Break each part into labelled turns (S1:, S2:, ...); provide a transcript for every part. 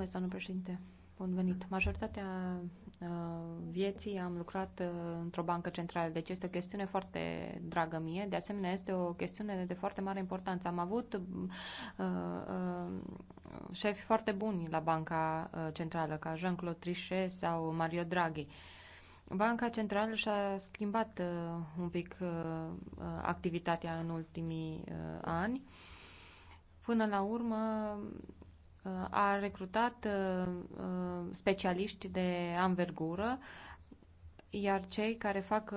S1: domnule președinte, bun venit. Majoritatea uh, vieții am lucrat uh, într-o bancă centrală, deci este o chestiune foarte dragă mie. De asemenea, este o chestiune de foarte mare importanță. Am avut uh, uh, șefi foarte buni la banca uh, centrală, ca Jean-Claude Trichet sau Mario Draghi. Banca Centrală și-a schimbat uh, un pic uh, activitatea în ultimii uh, ani. Uh, până la urmă uh, a recrutat uh, uh, specialiști de anvergură, iar cei care fac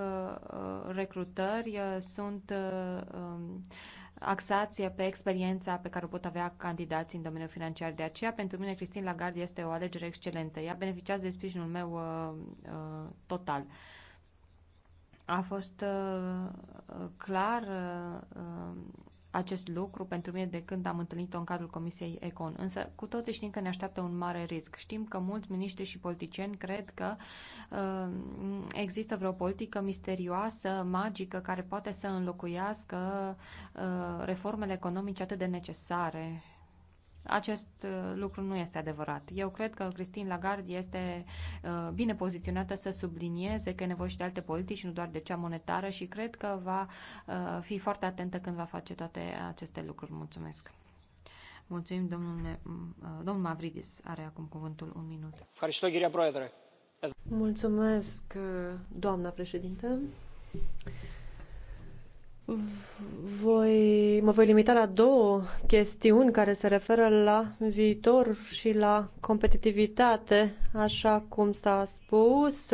S1: recrutări sunt um, axați pe experiența pe care o pot avea candidații în domeniul financiar. De aceea, pentru mine, Cristin Lagarde este o alegere excelentă. Ea beneficiază de sprijinul meu uh, uh, total. A fost uh, clar uh, acest lucru pentru mine de când am întâlnit-o în cadrul Comisiei Econ. Însă cu toții știm că ne așteaptă un mare risc. Știm că mulți miniștri și politicieni cred că uh, există vreo politică misterioasă, magică, care poate să înlocuiască uh, reformele economice atât de necesare acest uh, lucru nu este adevărat. Eu cred că Christine Lagarde este uh, bine poziționată să sublinieze că e nevoie și de alte politici, nu doar de cea monetară și cred că va uh, fi foarte atentă când va face toate aceste lucruri. Mulțumesc! Mulțumim, domnule, domnul Mavridis are acum cuvântul un minut. Mulțumesc, doamna președintă.
S2: Voi, mă voi limita la două chestiuni care se referă la viitor și la competitivitate, așa cum s-a spus.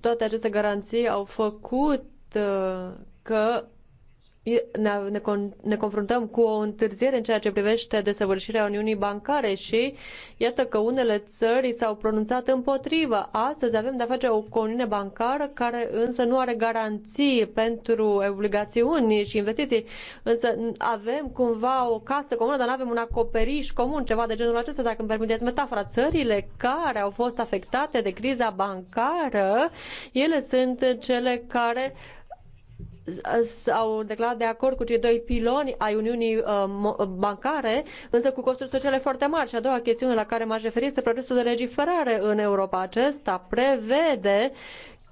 S2: Toate aceste garanții au făcut uh, că ne, ne, con, ne confruntăm cu o întârziere în ceea ce privește desăvârșirea Uniunii Bancare și iată că unele țări s-au pronunțat împotrivă. Astăzi avem de-a face o Uniune Bancară care însă nu are garanții pentru obligațiuni și investiții, însă avem cumva o casă comună, dar nu avem un acoperiș comun, ceva de genul acesta, dacă îmi permiteți metafora. Țările care au fost afectate de criza bancară, ele sunt cele care uh, s-au declarat de acord cu cei doi piloni ai Uniunii uh, uh, Bancare, însă cu costuri sociale foarte mari. Și a doua chestiune la care m-aș referi este procesul de legiferare în Europa. Acesta prevede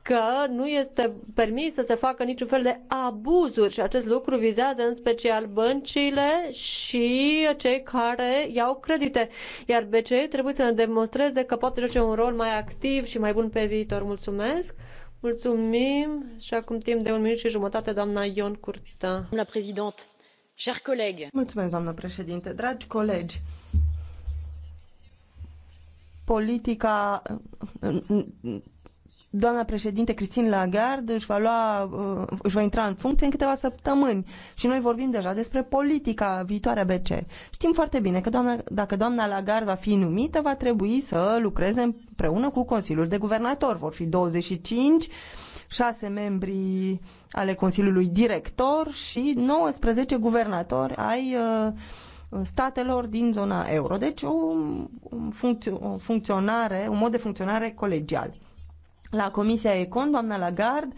S2: că nu este permis să se facă niciun fel de abuzuri și acest lucru vizează în special băncile și cei care iau credite. Iar BCE trebuie să ne demonstreze că poate joace un rol mai activ și mai bun pe viitor. Mulțumesc! Mulțumim și de un minut și jumătate, doamna Ion Curta. Doamna președintă,
S3: chers colegi. Mulțumesc, Dragi colegi, politica doamna președinte Christine Lagarde își va, lua, uh, își va intra în funcție în câteva săptămâni și noi vorbim deja despre politica viitoare a BCE. Știm foarte bine că doamna, dacă doamna Lagarde va fi numită, va trebui să lucreze împreună cu Consiliul de Guvernator. Vor fi 25, 6 membri ale Consiliului Director și 19 guvernatori ai uh, statelor din zona euro. Deci o, funcțio- o funcționare, un mod de funcționare colegial la Comisia Econ, doamna Lagarde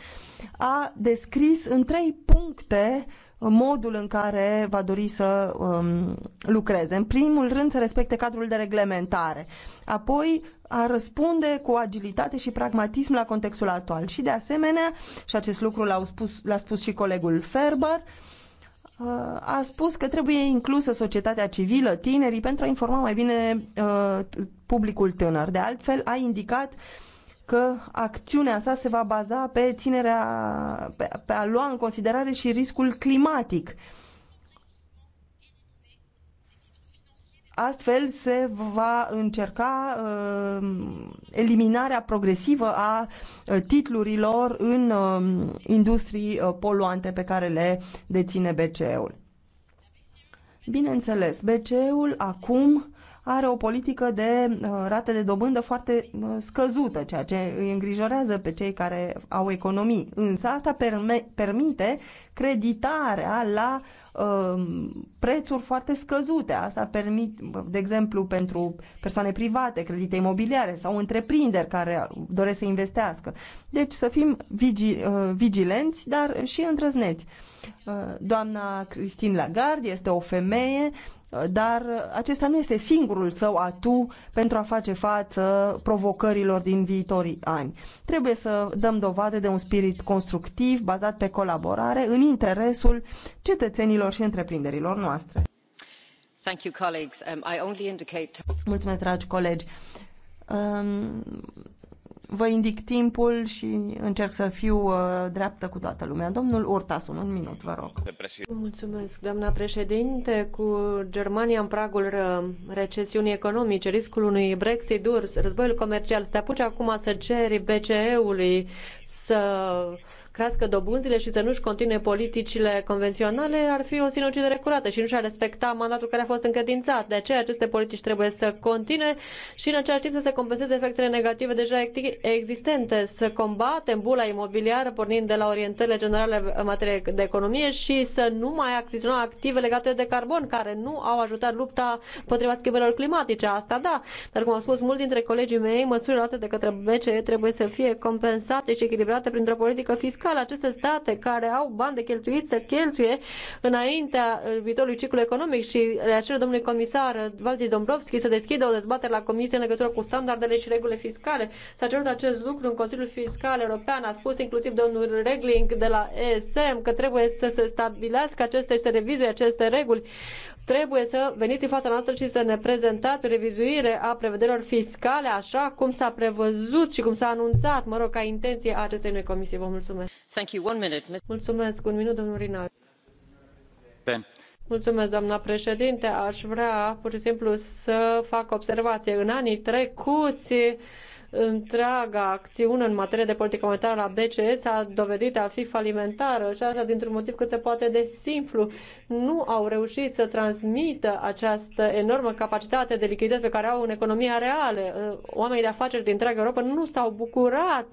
S3: a descris în trei puncte modul în care va dori să um, lucreze. În primul rând să respecte cadrul de reglementare, apoi a răspunde cu agilitate și pragmatism la contextul actual și de asemenea, și acest lucru l-a spus, l-a spus și colegul Ferber, uh, a spus că trebuie inclusă societatea civilă, tinerii, pentru a informa mai bine uh, publicul tânăr. De altfel, a indicat uh, că acțiunea sa se va baza pe ținerea, pe, pe a lua în considerare și riscul climatic. Astfel se va încerca uh, eliminarea progresivă a uh, titlurilor în uh, industrii uh, poluante pe care le deține BCE-ul. Bineînțeles, BCE-ul acum are o politică de uh, rate de dobândă foarte uh, scăzută, ceea ce îi îngrijorează pe cei care au economii. Însă asta permite creditarea la uh, prețuri foarte scăzute. Asta permit, de exemplu, pentru persoane private, credite imobiliare sau întreprinderi care doresc să investească. Deci să fim vigi, vigilenți, dar și îndrăzneți. Doamna Christine Lagarde este o femeie dar acesta nu este singurul său atu pentru a face față provocărilor din viitorii ani. Trebuie să dăm dovadă de un spirit constructiv, bazat pe colaborare, în interesul cetățenilor și întreprinderilor noastre. Um, Mulțumesc, dragi colegi. Um, vă indic timpul și încerc să fiu uh, dreaptă cu toată lumea. Domnul Urtasun, un minut, vă rog.
S2: Mulțumesc, doamna președinte. Cu Germania în pragul recesiunii economice, riscul unui Brexit dur, războiul comercial, să te apuci acum să ceri BCE-ului să crească dobânzile și să nu-și continue politicile convenționale, ar fi o sinucidere curată și nu și-ar respecta mandatul care a fost încredințat. De aceea aceste politici trebuie să continue și în același timp să se compenseze efectele negative deja existente, să combatem bula imobiliară pornind de la orientările generale în materie de economie și să nu mai acționăm active legate de carbon, care nu au ajutat lupta împotriva schimbărilor climatice. Asta da, dar cum au spus mulți dintre colegii mei, măsurile luate de către BCE trebuie să fie compensate și echilibrate printr-o politică fiscală fiscal aceste state care au bani de cheltuit să cheltuie înaintea viitorului ciclu economic și le acele domnului comisar Valdis Dombrovski să deschidă o dezbatere la Comisie în legătură cu standardele și regulile fiscale. S-a cerut acest lucru în Consiliul Fiscal European, a spus inclusiv domnul Regling de la ESM că trebuie să se stabilească aceste și să revizuie aceste reguli trebuie să veniți în fața noastră și să ne prezentați o revizuire a prevederilor fiscale, așa cum s-a prevăzut și cum s-a anunțat, mă rog, ca intenție a acestei noi comisii. Vă mulțumesc. Thank you. One minute. Mulțumesc. Un minut, domnul Rinal. Ben. Mulțumesc, doamna președinte. Aș vrea pur și simplu să fac observație. În anii trecuți, întreaga acțiune în materie de politică monetară la BCE s-a dovedit a fi falimentară și asta dintr-un motiv cât se poate de simplu. Nu au reușit să transmită această enormă capacitate de lichidități pe care au în economia reală. Uh, oamenii de afaceri din întreaga Europa nu s-au bucurat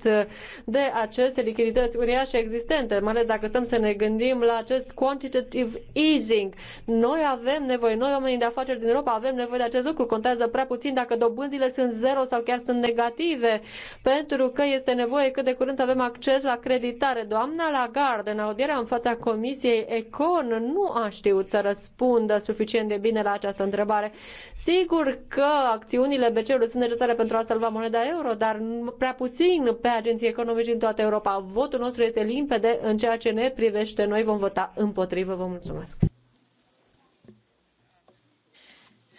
S2: de aceste lichidități uriașe existente, mai ales dacă stăm să ne gândim la acest quantitative easing. Noi avem nevoie, noi oamenii de afaceri din Europa avem nevoie de acest lucru. Contează prea puțin dacă dobânzile sunt zero sau chiar sunt negative motive, pentru că este nevoie cât de curând să avem acces la creditare. Doamna Lagarde, în audierea în fața Comisiei Econ, nu a știut să răspundă suficient de bine la această întrebare. Sigur că acțiunile BCE-ului sunt necesare pentru a salva moneda euro, dar prea puțin pe agenții economici din toată Europa. Votul nostru este limpede în ceea ce ne privește. Noi vom vota împotrivă. Vă mulțumesc.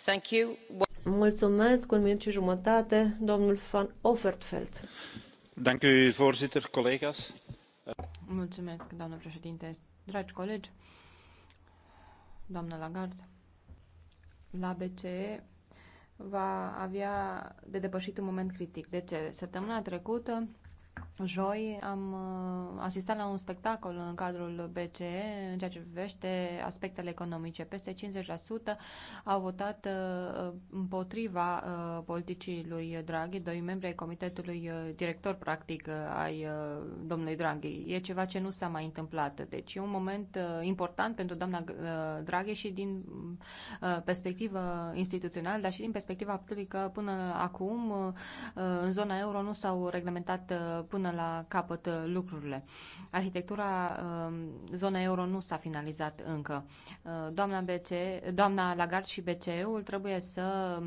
S2: Thank you. Mulțumesc,
S1: un minut și jumătate, domnul Van Offertfeld.
S4: Dank u, voorzitter, collega's.
S1: Mulțumesc, doamnă președinte, dragi colegi, doamnă Lagarde. La BCE va avea de depășit un moment critic. De ce? Săptămâna trecută Joi am uh, asistat la un spectacol în cadrul BCE în ceea ce privește aspectele economice. Peste 50% au votat uh, împotriva uh, politicii lui Draghi, doi membri ai comitetului director practic ai domnului Draghi. E ceva ce nu s-a mai întâmplat. Deci e un moment important pentru doamna Draghi și din perspectivă instituțională, dar și din perspectiva faptului că până acum în zona euro nu s-au reglementat până până la capăt uh, lucrurile. Arhitectura um, zonei euro nu s-a finalizat încă. Uh, doamna, BC, doamna Lagarde și BCE-ul trebuie să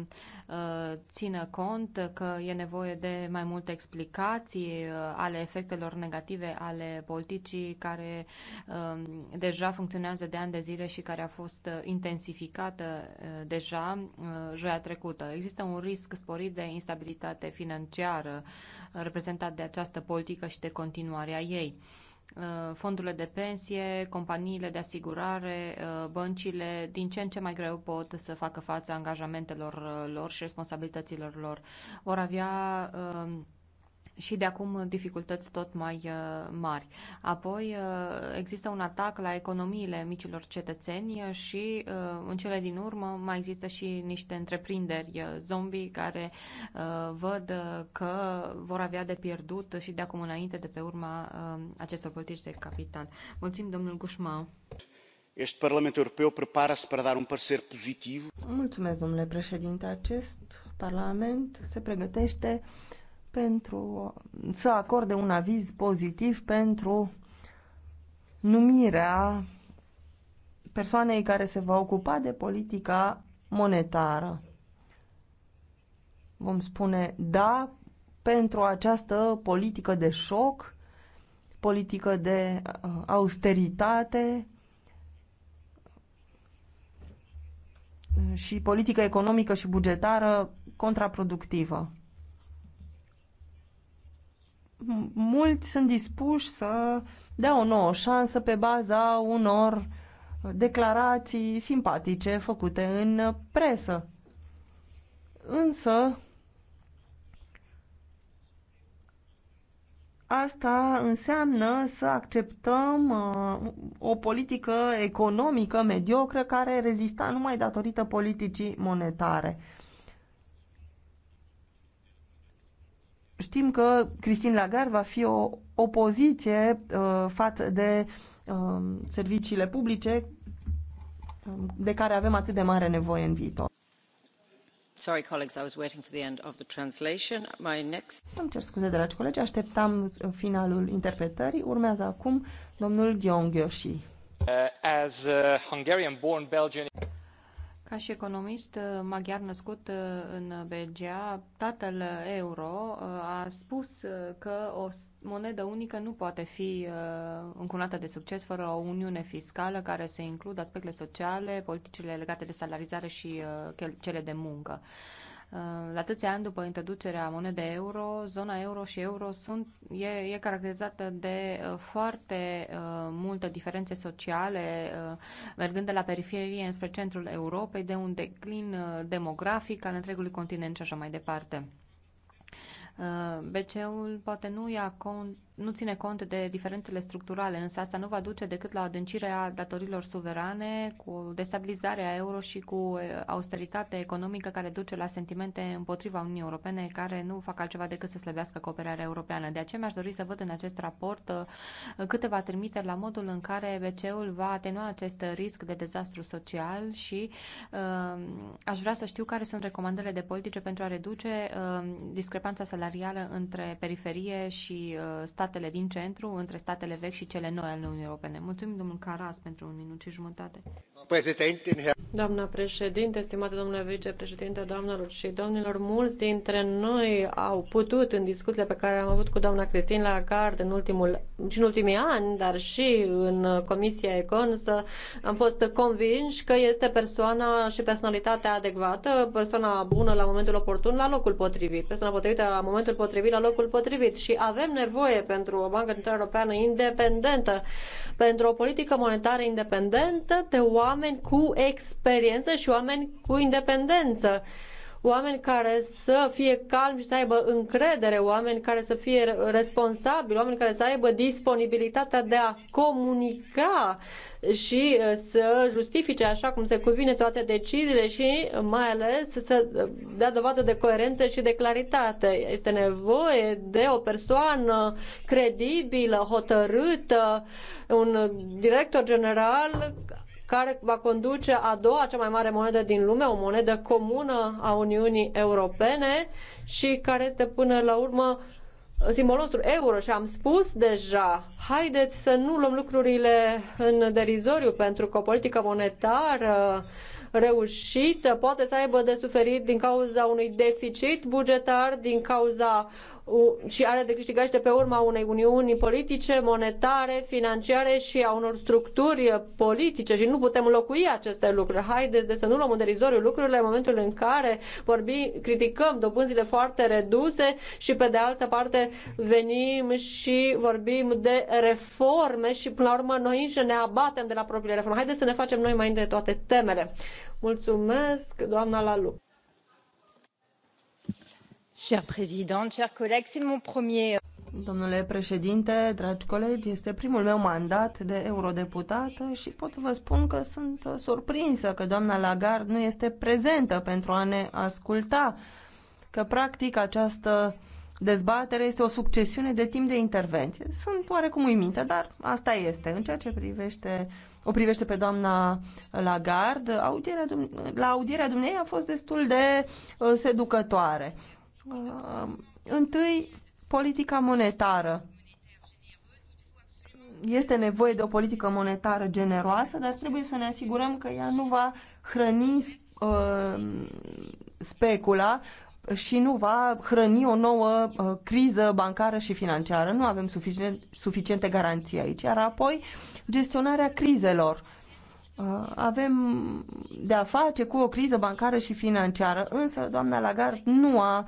S1: uh, țină cont că e nevoie de mai multe explicații ale efectelor negative ale politicii care um, deja funcționează de ani de zile și care a fost intensificată deja joia trecută. Există un risc sporit de instabilitate financiară reprezentat de această politică politică și de continuarea ei. Uh, fondurile de pensie, companiile de asigurare, uh, băncile, din ce în ce mai greu pot să facă față angajamentelor uh, lor și responsabilităților lor. Vor avea și de acum dificultăți tot mai uh, mari. Apoi uh, există un atac la economiile micilor cetățeni uh, și în cele din urmă mai există și niște întreprinderi zombie care văd că vor avea de pierdut și de acum înainte de pe urma acestor politici de capital. Mulțumim, domnul Gușmau.
S4: Este Parlamentul european prepară să dar un parcer pozitiv.
S1: Mulțumesc, domnule președinte. Acest
S3: Parlament se pregătește pentru să acorde un aviz pozitiv pentru numirea persoanei care se va ocupa de politica monetară. Vom spune da pentru această politică de șoc, politică de uh, austeritate și politică economică și bugetară contraproductivă mulți sunt dispuși să dea o nouă șansă pe baza unor declarații simpatice făcute în presă. Însă, asta înseamnă să acceptăm uh, o politică economică mediocră care rezista numai datorită politicii monetare. Uh, Știm că Christine Lagarde va fi o opoziție uh, față de uh, serviciile publice um, de care avem atât de mare nevoie în viitor.
S4: Sorry, colleagues, I was
S2: waiting for the end of the translation. My next...
S3: Îmi cer scuze, dragi colegi, așteptam uh, finalul interpretării. Urmează acum domnul Gheoshi. Uh, as a uh, Hungarian-born Belgian...
S1: Ca și economist uh, maghiar născut uh, în Belgia, tatăl euro uh, a spus că o monedă unică nu poate fi încunată de succes fără o uniune fiscală care să includă aspectele sociale, politicile legate de salarizare și cele de muncă. Uh, la atâția ani după introducerea monedei euro, zona euro și euro sunt, e, e caracterizată de uh, foarte uh, multe diferențe sociale, uh, mergând de la periferie înspre centrul Europei, de un declin uh, demografic al întregului continent și așa mai departe. Uh, BCE-ul poate nu ia cont nu ține cont de diferențele structurale, însă asta nu va duce decât la adâncirea datorilor suverane, cu destabilizarea euro și cu austeritate economică care duce la sentimente împotriva Uniunii Europene, care nu fac altceva decât să slăbească cooperarea europeană. De aceea mi-aș dori să văd în acest raport câteva trimiteri la modul în care BCE-ul va atenua acest risc de dezastru social și uh, aș vrea să știu care sunt recomandările de politice pentru a reduce uh, discrepanța salarială între periferie și uh, stat statele din centru, între statele vechi și cele noi ale Uniunii Europene. Mulțumim, domnul Caras, pentru un minut și jumătate. Doamna președinte, stimate domnule vicepreședinte, doamnelor și domnilor,
S2: mulți dintre noi au putut în discuțiile pe care am avut cu doamna Cristin Lagarde în ultimul, și în ultimii ani, dar și în Comisia Econ, să am fost convinși că este persoana și personalitatea adecvată, persoana bună la momentul oportun, la locul potrivit, persoana potrivită la momentul potrivit, la locul potrivit și avem nevoie pe pentru o bancă centrală europeană independentă, pentru o politică monetară independentă de oameni cu experiență și oameni cu independență oameni care să fie calmi și să aibă încredere, oameni care să fie responsabili, oameni care să aibă disponibilitatea de a comunica și uh, să justifice așa cum se cuvine toate deciziile și mai ales să dea dovadă de coerență și de claritate. Este nevoie de o persoană credibilă, hotărâtă, un director general care va conduce a doua cea mai mare monedă din lume, o monedă comună a Uniunii Europene și care este până la urmă simbolul nostru euro și am spus deja, haideți să nu luăm lucrurile în derizoriu pentru că o politică monetară reușită poate să aibă de suferit din cauza unui deficit bugetar, din cauza și are de câștigat și de pe urma unei uniuni politice, monetare, financiare și a unor structuri politice și nu putem înlocui aceste lucruri. Haideți de să nu luăm în derizoriu lucrurile în momentul în care vorbim, criticăm dobânzile foarte reduse și pe de altă parte venim și vorbim de reforme și până la urmă noi înșine ne abatem de la propriile reforme. Haideți să ne facem noi mai întâi toate temele. Mulțumesc, doamna Lalu.
S3: Euh, Domnule președinte, dragi colegi, este primul meu mandat de eurodeputată și pot să vă spun că sunt uh, surprinsă că doamna Lagarde nu este prezentă pentru a ne asculta, că practic această dezbatere este o succesiune de timp de intervenție. Sunt oarecum uimită, dar asta este. În ceea ce privește o privește pe doamna Lagarde, audierea, la audierea dumneei a fost destul de uh, seducătoare.
S5: Uh,
S3: întâi, politica monetară. Este nevoie de o politică monetară generoasă, dar trebuie să ne asigurăm că ea nu va hrăni uh, specula și nu va hrăni o nouă uh, criză bancară și financiară. Nu avem suficient, suficiente garanții aici. Iar apoi, gestionarea crizelor. Avem de-a face cu o criză bancară și financiară, însă doamna Lagarde nu a uh,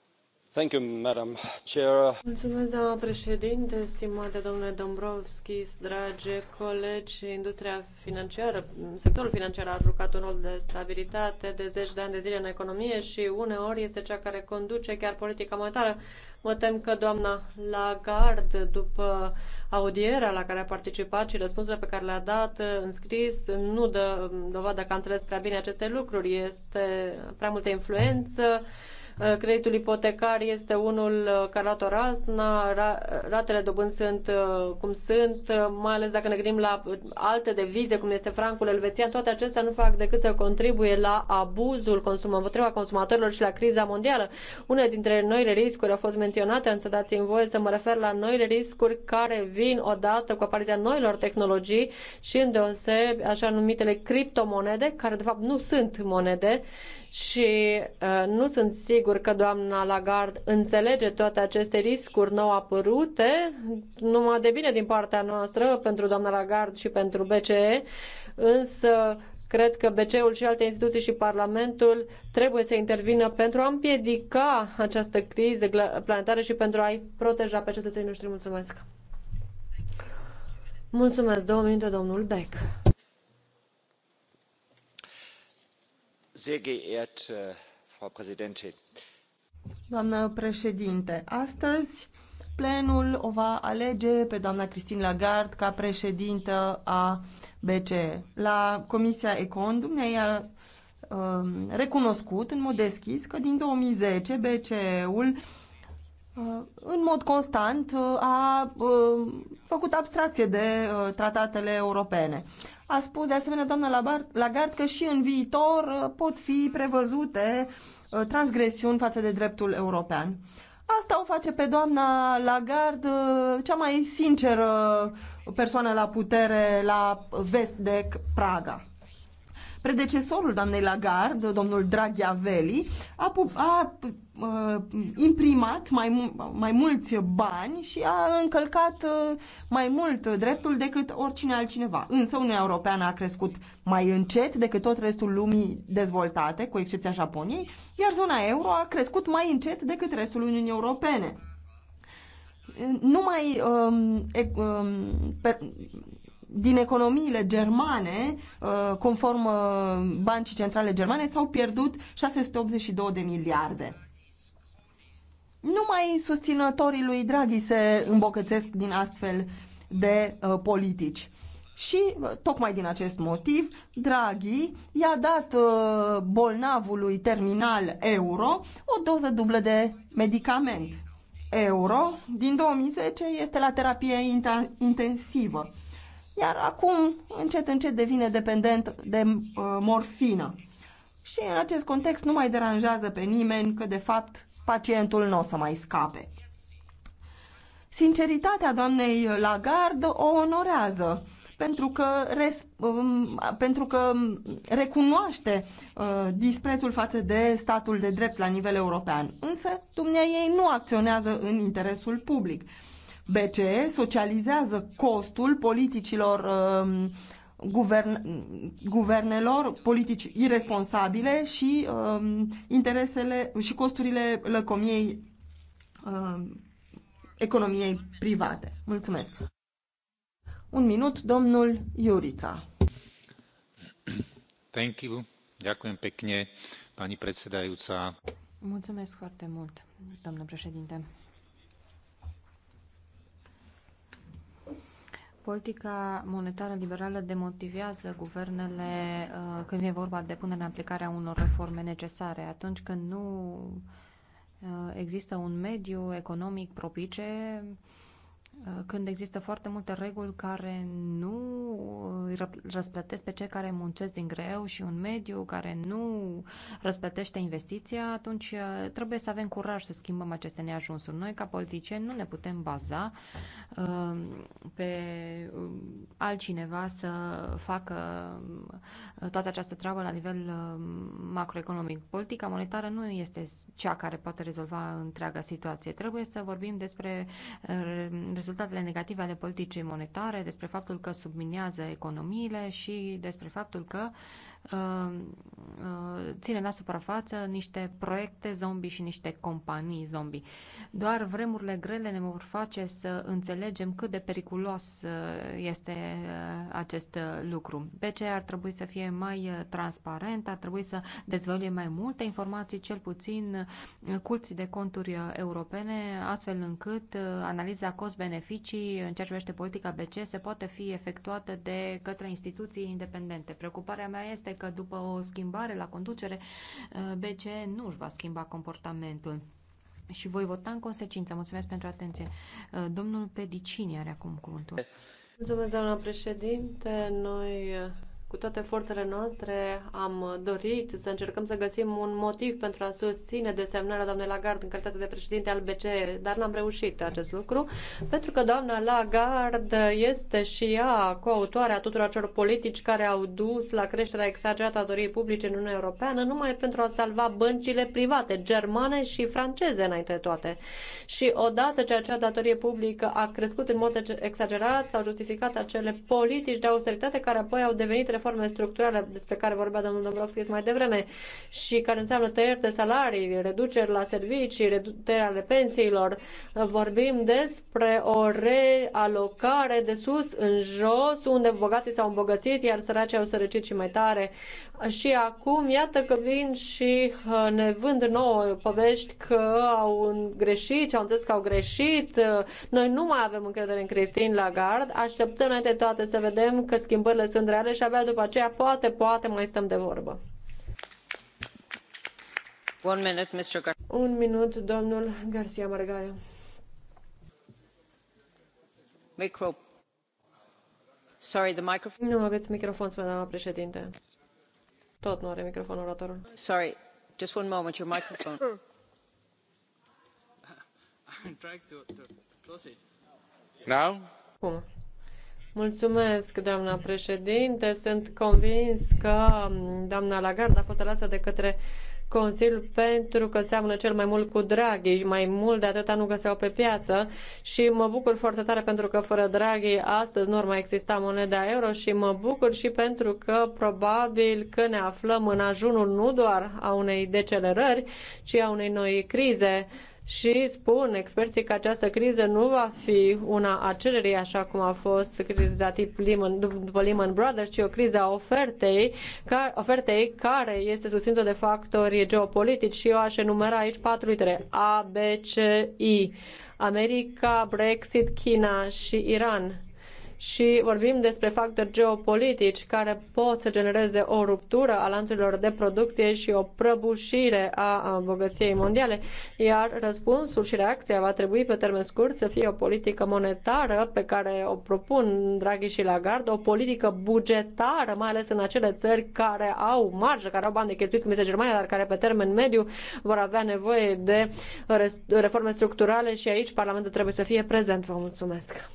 S4: doamnă
S2: președintă stimate domnule dombrovskis dragi colegi industria financiară sectorul financiar a jucat un rol de stabilitate de zeci de ani de zile în economie și uneori este cea care conduce chiar politica monetară. Mă tem că doamna Lagarde, după audierea la care a participat și răspunsurile pe care le-a dat în scris, nu dă dovadă că a înțeles prea bine aceste lucruri. Este prea multă influență. Uh, creditul ipotecar este unul uh, care arată razna, ratele dobând sunt uh, cum sunt, mai ales dacă ne gândim la alte devize, cum este francul elvețian, toate acestea nu fac decât să contribuie la abuzul consum împotriva consumatorilor și la criza mondială. Una dintre noile riscuri au fost menționate, însă dați-mi voie să mă refer la noile riscuri care vin odată cu apariția noilor tehnologii și îndeoseb așa numitele criptomonede, care de fapt nu sunt monede, și uh, nu sunt sigur că doamna Lagarde înțelege toate aceste riscuri nou apărute. Numai de bine din partea noastră pentru doamna Lagarde și pentru BCE, însă cred că BCE-ul și alte instituții și Parlamentul trebuie să intervină pentru a împiedica această criză planetară și pentru a-i proteja pe cetățenii noștri. Mulțumesc! Mulțumesc! Două minute, domnul Beck.
S3: doamnă președintă astăzi plenul o va alege pe doamna christine lagarde ca președintă a bce. la comisia econ dumneavoastră a um, recunoscut în mod deschis că din 2010 BCE-ul Uh, în mod constant uh, a uh, făcut abstracție de tratatele europene. A spus de asemenea doamna Lagarde că și în viitor pot fi prevăzute transgresiuni față de dreptul european. Asta o face pe doamna Lagarde cea mai sinceră persoană la putere la vest de Praga. Predecesorul doamnei Lagarde, domnul Draghiaveli, a, a uh, imprimat mai, mai mulți bani și a încălcat uh, mai mult dreptul decât oricine altcineva. Însă Uniunea Europeană a crescut mai încet decât tot restul lumii dezvoltate, cu excepția Japoniei, iar zona euro a crescut mai încet decât restul Uniunii Europene. Numai um, e, um, per, din economiile germane, uh, conform uh, Bancii Centrale Germane, s-au pierdut 682 de miliarde. Numai susținătorii lui Draghi se îmbocățesc din astfel de uh, politici. Și uh, tocmai din acest motiv, Draghi i-a dat uh, bolnavului terminal euro o doză dublă de medicament. Euro din 2010 este la terapie intensivă, iar acum încet încet devine dependent de uh, morfină. Și în acest context nu mai deranjează pe nimeni că de fapt pacientul nu o să mai scape. Sinceritatea doamnei Lagarde o onorează pentru că, res, um, pentru că recunoaște uh, disprețul față de statul de drept la nivel european. Însă, dumnea ei nu acționează în interesul public. BCE socializează costul politicilor uh, guvern, guvernelor, politici irresponsabile și uh, interesele și costurile lăcomiei uh, economiei private. Mulțumesc. Un minut, domnul Iurița.
S4: Thank you. Ďakujem pekne, pani predsedajúca.
S1: Mulțumesc foarte mult, domnule președinte. politica monetară liberală demotivează guvernele uh, când e vorba de punerea în aplicare a unor reforme necesare. Atunci când nu uh, există un mediu economic propice, Uh, când există foarte multe reguli care nu uh, răsplătesc pe cei care muncesc din greu și un mediu care nu răsplătește investiția, atunci uh, trebuie să avem curaj să schimbăm aceste neajunsuri. Noi, ca politicieni, nu ne putem baza pe altcineva să facă toată această treabă la nivel macroeconomic. Politica monetară nu este cea care poate rezolva întreaga situație. Trebuie să vorbim despre rezultatele negative ale politicii monetare, despre faptul că subminează economiile și despre faptul că uh, Uh, uh, ține la suprafață niște proiecte zombie și niște companii zombie. Doar vremurile grele ne vor face să înțelegem cât de periculos uh, este acest lucru. BCE ar trebui să fie mai transparent, ar trebui să dezvăluie mai multe informații, cel puțin curții de conturi europene, astfel încât analiza cost-beneficii în ceea ce privește politica BCE se poate fi efectuată de către instituții independente. Preocuparea mea este poate că după o schimbare la conducere, uh, BCE nu își va schimba comportamentul. Și voi vota în consecință. Mulțumesc pentru atenție. Uh, domnul Pedicini are acum cuvântul. Mulțumesc,
S2: doamna președinte. Noi uh, cu toate forțele noastre am dorit să încercăm să găsim un motiv pentru a susține desemnarea doamnei Lagarde în calitate de președinte al BCE, dar n-am reușit acest lucru, pentru că doamna Lagarde este și ea coautoarea tuturor acelor politici care au dus la creșterea exagerată a doriei publice în Uniunea Europeană, numai pentru a salva băncile private, germane și franceze înainte de toate. Și odată ce acea datorie publică a crescut în mod exagerat, s-au justificat acele politici de austeritate care apoi au devenit reforme structurale despre care vorbea domnul Dombrovskis mai devreme și care înseamnă tăieri de salarii, reduceri la servicii, reduceri ale pensiilor. Vorbim despre o realocare de sus în jos, unde bogații s-au îmbogățit, iar săracii au sărăcit și mai tare. Și acum, iată că vin și uh, ne vând nouă povești că au greșit și au înțeles că au greșit. Noi nu mai avem încredere în Cristin Lagarde. Așteptăm înainte toate să vedem că schimbările sunt reale și abia după aceea poate, poate mai stăm de vorbă. Un minut, Mr. Gar- Un minut, domnul Garcia Margaia. Micro. Sorry, the microphone. Nu aveți microfon, spune doamna președinte. Tot nu are microfon oratorul. Sorry, just one moment, your microphone.
S4: I'm trying to, to close it. Now?
S2: Cum? Mulțumesc, doamna președinte. Sunt convins că um, doamna Lagarde a fost alasă de către Consiliu pentru că seamănă cel mai mult cu Draghi, mai mult de atâta nu găseau pe piață și mă bucur foarte tare pentru că fără Draghi astăzi nu ar mai exista moneda euro și mă bucur și pentru că probabil că ne aflăm în ajunul nu doar a unei decelerări, ci a unei noi crize și spun experții că această criză nu va fi una a cererii, așa cum a fost criza tip Lehman, după Lehman Brothers, ci o criză a ofertei, ca, ofertei care este susținută de factori geopolitici și eu aș enumera aici patru litere A, B, C, I. America, Brexit, China și Iran și vorbim despre factori geopolitici care pot să genereze o ruptură a lanțurilor de producție și o prăbușire a bogăției mondiale, iar răspunsul și reacția va trebui pe termen scurt să fie o politică monetară pe care o propun Draghi și Lagarde, o politică bugetară, mai ales în acele țări care au marjă, care au bani de cheltuit, cum este Germania, dar care pe termen mediu vor avea nevoie de reforme structurale și aici Parlamentul trebuie să fie prezent. Vă mulțumesc!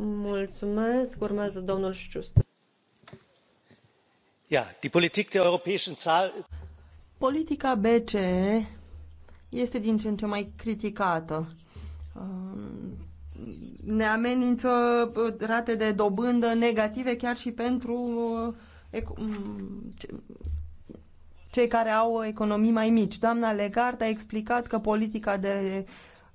S2: Mulțumesc. Urmează domnul Șciust.
S4: Ja, die Politik der europäischen Zahl...
S3: Politica BCE este din ce în ce mai criticată. Um, ne amenință uh, rate de dobândă negative chiar și pentru uh, um, cei care au economii mai mici. Doamna Legard a explicat că politica de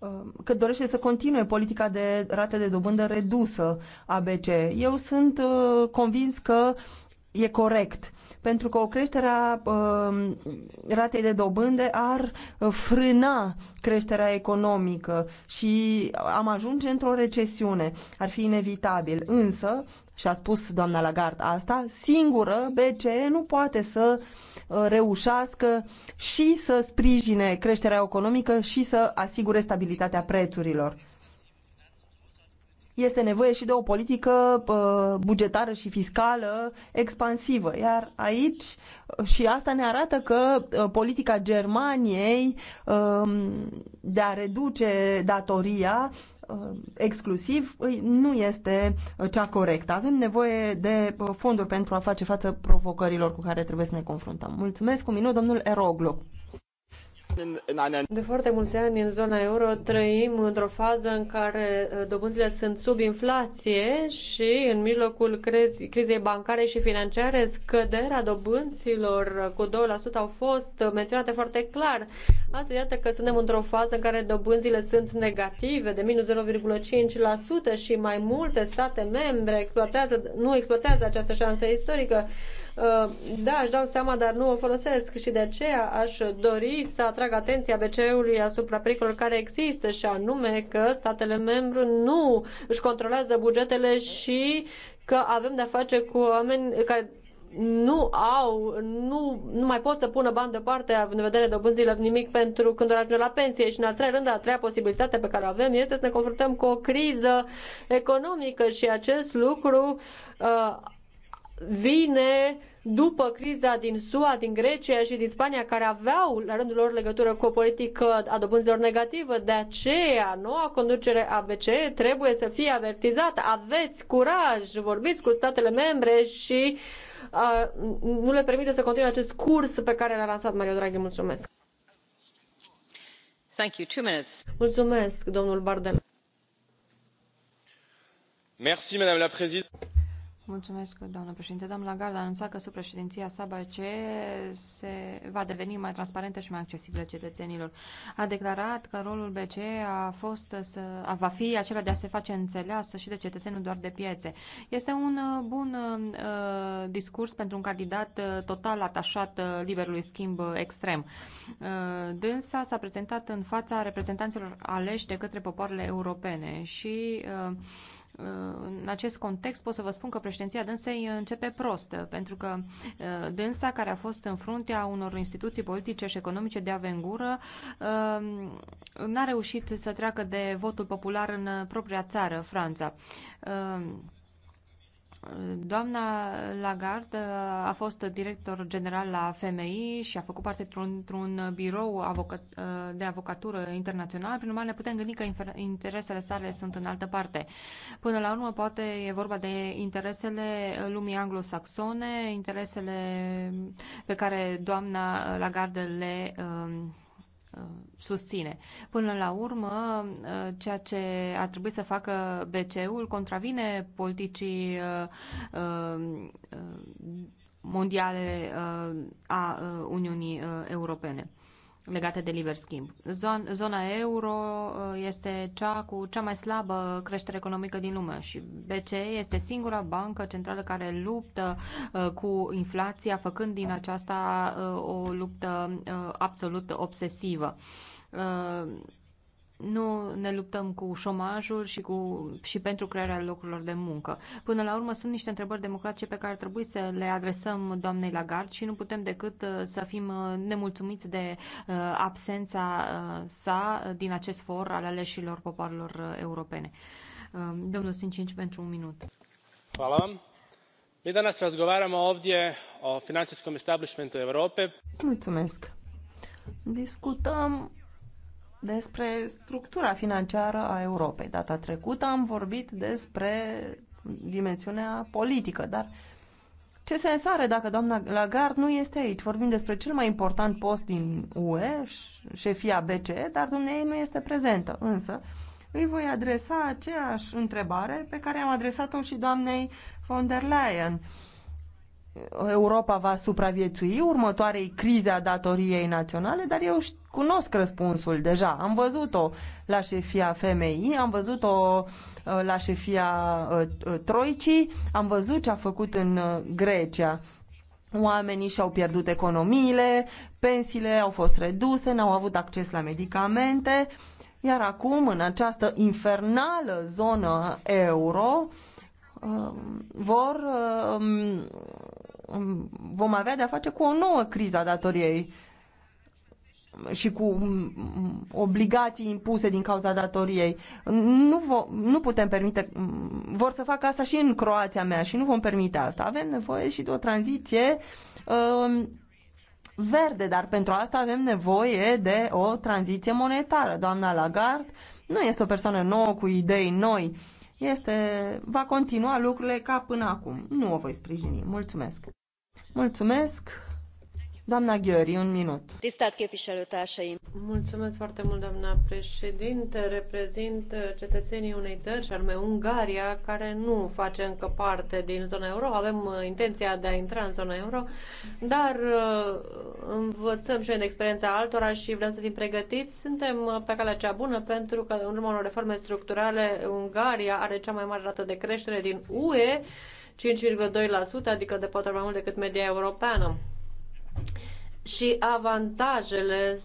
S3: Um, că dorește să continue politica de rate de dobândă redusă a BCE. Eu sunt uh, convins că e corect, pentru că o creștere a um, ratei de dobânde ar frâna creșterea economică și am ajunge într-o recesiune. Ar fi inevitabil, însă, și a spus doamna Lagarde asta, singură BCE nu poate să uh, Uh, reușească și să sprijine creșterea economică și să asigure stabilitatea prețurilor. Este nevoie și de o politică uh, bugetară și fiscală expansivă, iar aici uh, și asta ne arată că politica Germaniei um, de a reduce datoria Uh, exclusiv nu este uh, cea corectă. Avem nevoie de uh, fonduri pentru a face față provocărilor cu care trebuie să ne confruntăm. Mulțumesc cu minut, domnul Eroglu.
S4: De
S2: foarte mulți ani în zona euro trăim într-o fază în care uh, dobânzile sunt sub inflație și în mijlocul crizei bancare și financiare scăderea dobânzilor cu 2% au fost menționate foarte clar. Asta iată că suntem într-o fază în care dobânzile sunt negative de minus 0,5% și mai multe state membre exploatează, nu exploatează această șansă istorică Uh, da, își dau seama, dar nu o folosesc și de aceea aș dori să atrag atenția BCE-ului asupra pericolului care există și anume că statele membre nu își controlează bugetele și că avem de-a face cu oameni care nu au, nu, nu mai pot să pună bani deoparte, în vedere dobânzile, nimic pentru când vor ajunge la pensie. Și în al treia rând, a treia posibilitate pe care o avem este să ne confruntăm cu o criză economică și acest lucru uh, vine după criza din SUA, din Grecia și din Spania, care aveau la rândul lor legătură cu o politică a dobânzilor negativă. De aceea, noua conducere a BCE trebuie să fie avertizată. Aveți curaj, vorbiți cu statele membre și uh, nu le permite să continue acest curs pe care l-a lansat Mario Draghi. Mulțumesc!
S1: Thank you. Two minutes. Mulțumesc, domnul Bardel.
S4: Merci, madame la présidente
S1: Mulțumesc, doamnă președinte. Doamna Lagarde a anunțat că sub președinția sa BCE se va deveni mai transparentă și mai accesibilă cetățenilor. A declarat că rolul BCE a fost să, a, va fi acela de a se face înțeleasă și de cetățeni, nu doar de piețe. Este un uh, bun uh, discurs pentru un candidat uh, total atașat uh, liberului schimb uh, extrem. Uh, dânsa s-a prezentat în fața reprezentanților aleși de către popoarele europene și uh, Uh, în acest context pot să vă spun că președinția dânsei începe prost, uh, pentru că uh, dânsa, care a fost în fruntea unor instituții politice și economice de avengură, n-a reușit să treacă de votul popular în propria țară, Franța. Doamna Lagarde a fost director general la FMI și a făcut parte într-un birou de avocatură internațional. Prin urmare, ne putem gândi că interesele sale sunt în altă parte. Până la urmă, poate e vorba de interesele lumii anglosaxone, interesele pe care doamna Lagarde le um, Uh, susține. Până la urmă, uh, ceea ce ar trebui să facă BCE-ul contravine politicii uh, mondiale a Uniunii Europene legate de liber schimb. Zona euro uh, este cea cu cea mai slabă creștere economică din lume și BCE este singura bancă centrală care luptă uh, cu inflația, făcând din aceasta uh, o luptă absolut obsesivă nu ne luptăm cu șomajul și, cu, și pentru crearea locurilor de muncă. Până la urmă sunt niște întrebări democratice pe care trebuie să le adresăm doamnei Lagarde și nu putem decât uh, să fim uh, nemulțumiți de uh, absența sa din acest for al aleșilor popoarelor europene. Domnul Sincinci, pentru un minut.
S4: Hvala vam. Mi danas razgovaramo ovdje o financijskom establishmentu Europe.
S1: Mulțumesc. Discutăm
S3: despre structura financiară a Europei. Data trecută am vorbit despre dimensiunea politică, dar ce sens are dacă doamna Lagarde nu este aici? Vorbim despre cel mai important post din UE, șefia BCE, dar dumneavoastră nu este prezentă. Însă, îi voi adresa aceeași întrebare pe care am adresat-o și doamnei von der Leyen. Uh, Europa va supraviețui următoarei crize a datoriei naționale, dar eu cunosc răspunsul deja. Am văzut-o la șefia FMI, am văzut-o uh, la șefia uh, uh, Troicii, am văzut ce a făcut în Grecia. Oamenii și-au pierdut economiile, pensiile au fost reduse, n-au avut acces la medicamente, iar acum, în această infernală zonă euro, vor Um, vom avea de-a face cu o nouă criză a datoriei și cu um, obligații impuse din cauza datoriei. Nu, vo- nu putem permite, um, vor să facă asta și în Croația mea și nu vom permite asta. Avem nevoie și de o tranziție uh, verde, dar pentru asta avem nevoie de o tranziție monetară. Doamna Lagarde nu este o persoană nouă cu idei noi. Este, va continua lucrurile ca până acum. Nu o voi sprijini. Mulțumesc. Mulțumesc. Doamna Gheori, un minut.
S2: Distat képviselőtársaim. Mulțumesc foarte mult, doamna președinte. Reprezint uh, cetățenii unei țări, și anume Ungaria, care nu face încă parte din zona euro. Avem uh, intenția de a intra în zona euro, dar uh, învățăm și noi de experiența altora și vrem să fim pregătiți. Suntem pe calea cea bună pentru că în urma unor reforme structurale Ungaria are cea mai mare rată de creștere din UE 5,2%, adică de patru mai mult decât media europeană. Și avantajele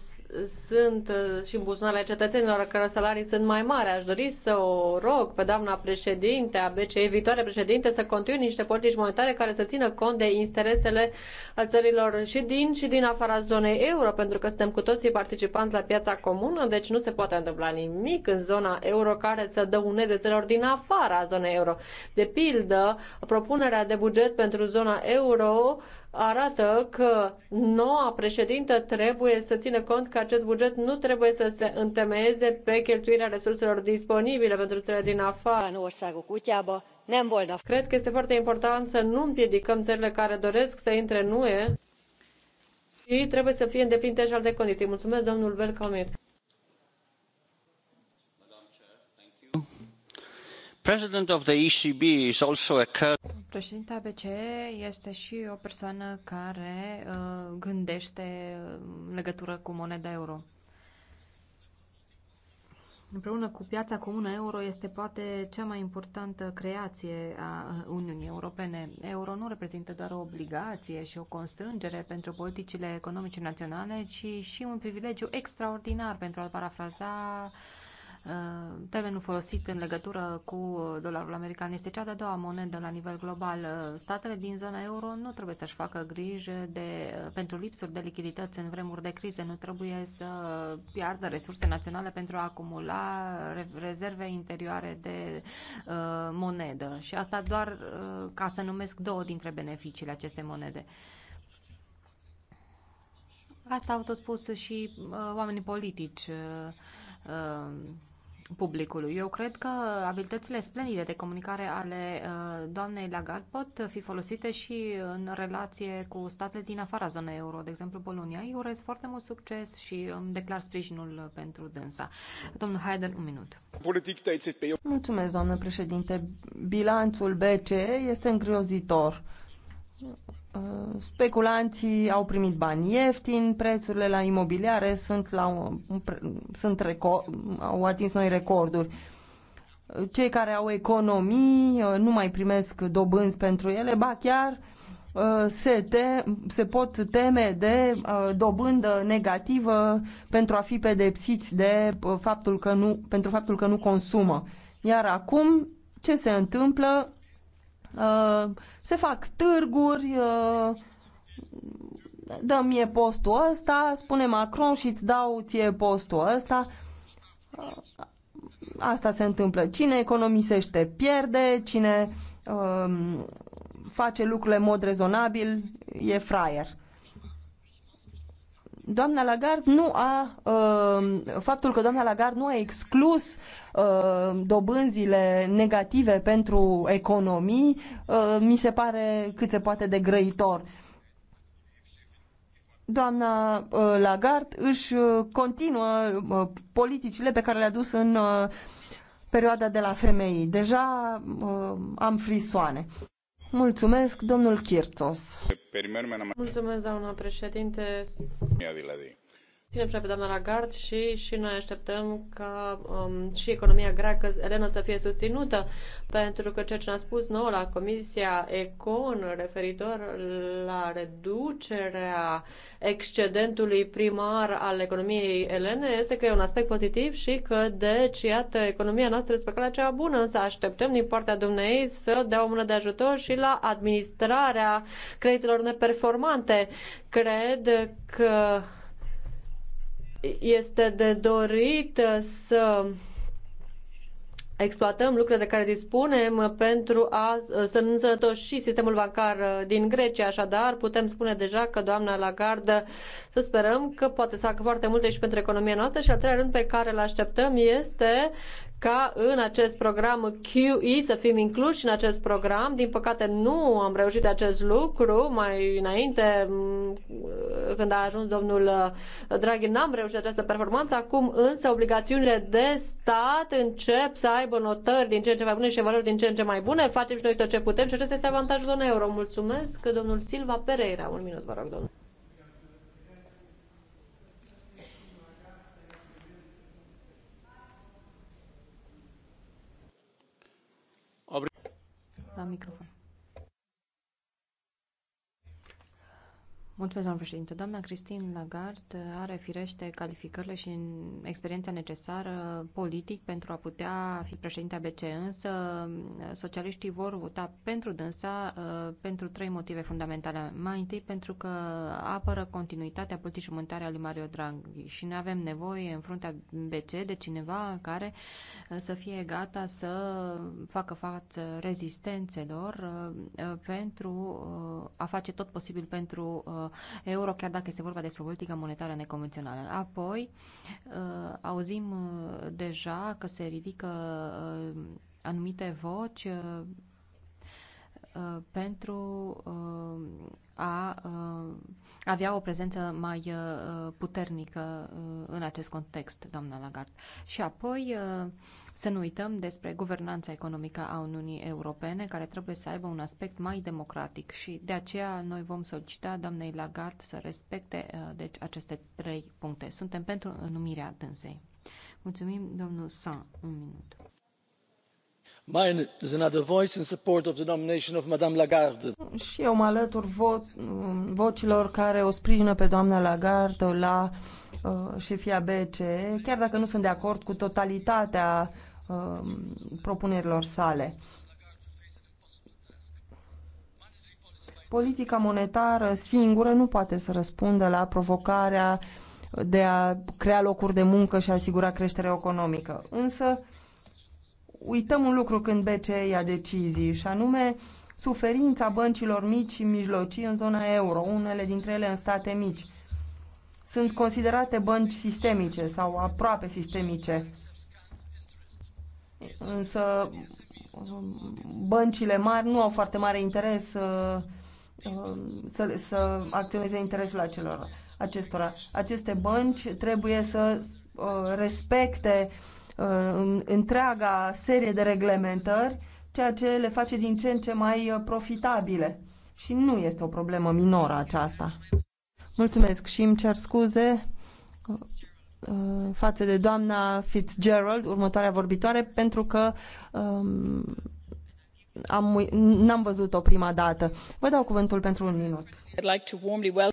S2: sunt uh, și în buzunarele cetățenilor care salarii sunt mai mari. Aș dori să o rog pe doamna președinte a BCE, viitoare președinte, să continue niște politici monetare care să țină cont de interesele țărilor și din și din afara zonei euro, pentru că suntem cu toții participanți la piața comună, deci nu se poate întâmpla nimic în zona euro care să dăuneze țărilor din afara zonei euro. De pildă, propunerea de buget pentru zona euro arată că noua președintă trebuie să țină cont că acest buget nu trebuie să se întemeieze pe cheltuirea resurselor disponibile pentru țările din afară. Cred că este foarte important să nu împiedicăm țările care doresc să intre în UE și trebuie să fie îndeplinite și alte condiții. Mulțumesc, domnul Belcomit.
S1: Președinta BCE este și o persoană care uh, gândește uh, legătură cu moneda euro. Împreună cu piața comună euro este poate cea mai importantă creație a uh, Uniunii Europene. Euro nu reprezintă doar o obligație și o constrângere pentru politicile economice naționale, ci și un privilegiu extraordinar pentru a parafraza uh, Uh, termenul folosit în legătură cu dolarul american este cea de-a doua monedă la nivel global. Uh, statele din zona euro nu trebuie să-și facă grijă de, uh, pentru lipsuri de lichidități în vremuri de crize. Nu trebuie să piardă resurse naționale pentru a acumula rezerve interioare de uh, monedă. Și asta doar uh, ca să numesc două dintre beneficiile acestei monede. Asta au tot spus și uh, oamenii politici. Uh, uh, publicului. Eu cred că abilitățile splendide de comunicare ale uh, doamnei Lagarde pot fi folosite și în relație cu statele din afara zonei euro, de exemplu Polonia. Îi urez foarte mult succes și îmi declar sprijinul pentru dânsa. Domnul Haider, un minut.
S4: Mulțumesc, doamnă
S1: președinte.
S3: Bilanțul BCE este îngrozitor Uh, speculanții au primit bani ieftini, prețurile la imobiliare sunt la, sunt reco, au atins noi recorduri. Uh, cei care au economii uh, nu mai primesc dobânzi pentru ele, ba chiar se, te, se pot teme de dobândă negativă pentru a fi pedepsiți de faptul că nu, pentru faptul că nu consumă. Iar acum ce se întâmplă? Uh, se fac târguri, uh, dă mie postul ăsta, spune Macron și îți dau ție postul ăsta. Uh, asta se întâmplă. Cine economisește pierde, cine face lucrurile în mod rezonabil e fraier doamna Lagarde nu a, uh, faptul că doamna Lagarde nu a exclus uh, dobânzile negative pentru economii uh, mi se pare cât se poate de grăitor. Doamna Lagarde își continuă politicile pe care le-a dus în perioada de la femei. Deja am frisoane. Mulțumesc, domnul Kirțos.
S4: Περιμένουμε να μας...
S2: Mulțumesc, doamna președinte. Ține și pe doamna Lagarde și, și noi așteptăm ca um, și economia greacă, Elena, să fie susținută, pentru că ceea ce ne-a spus nouă la Comisia Econ referitor la reducerea excedentului primar al economiei Elene este că e un aspect pozitiv și că, deci, iată, economia noastră este pe calea cea bună, însă așteptăm din partea dumnei să dea o mână de ajutor și la administrarea creditelor neperformante. Cred că este de dorit să exploatăm lucrurile de care dispunem pentru a să nu însănătoși sistemul bancar din Grecia. Așadar, putem spune deja că doamna Lagarde, să sperăm că poate să facă foarte multe și pentru economia noastră și al treilea rând pe care îl așteptăm este ca în acest program QE să fim incluși în acest program. Din păcate nu am reușit acest lucru mai înainte mm, când a ajuns domnul uh, Draghi n-am reușit această performanță. Acum însă obligațiunile de stat încep să aibă notări din ce în ce mai bune și valori din ce în ce mai bune. Facem și noi tot ce putem și acesta este avantajul zonei euro. Mulțumesc, domnul Silva Pereira. Un minut, vă
S4: rog, domnul.
S1: la microfon. Mulțumesc, doamnă președinte. Doamna Christine Lagarde are firește calificările și experiența necesară politic pentru a putea fi președintea BCE, însă socialiștii vor vota pentru dânsa uh, pentru trei motive fundamentale. Mai întâi pentru că apără continuitatea politicii monetare a lui Mario Draghi și ne avem nevoie în fruntea BCE de cineva care uh, să fie gata să facă față rezistențelor uh, pentru a face tot posibil pentru euro, chiar dacă este vorba despre politică monetară neconvențională. Apoi, uh, auzim uh, deja că se ridică uh, anumite voci pentru a avea o prezență mai puternică în acest context, doamna Lagarde. Și apoi să nu uităm despre guvernanța economică a Uniunii Europene, care trebuie să aibă un aspect mai democratic și de aceea noi vom solicita doamnei Lagarde să respecte uh, deci, aceste trei puncte. Suntem pentru numirea dânsei. Mulțumim, domnul Saint, un minut mine is another
S3: voice
S5: in support of the nomination of Madame Lagarde.
S3: Și eu mă alătur vo
S1: vocilor
S3: care o sprijină pe doamna Lagarde la uh, șefia BCE, chiar dacă nu sunt de acord cu totalitatea Um, propunerilor sale. Politica monetară singură nu poate să răspundă la provocarea de a crea locuri de muncă și a asigura creșterea economică. Însă uităm un lucru când BCE ia decizii și anume suferința băncilor mici și mijlocii în zona euro, unele dintre ele în state mici. Sunt considerate bănci sistemice sau aproape sistemice însă um, băncile mari nu au foarte mare interes uh, um, să, să acționeze interesul acelor, acestora. Aceste bănci trebuie să uh, respecte uh, întreaga serie de reglementări, ceea ce le face din ce în ce mai profitabile. Și nu este o problemă minoră aceasta. Mulțumesc și îmi cer scuze Uh, față de doamna Fitzgerald, următoarea vorbitoare, pentru că um, am, n-am văzut-o prima dată. Vă dau cuvântul pentru un minut.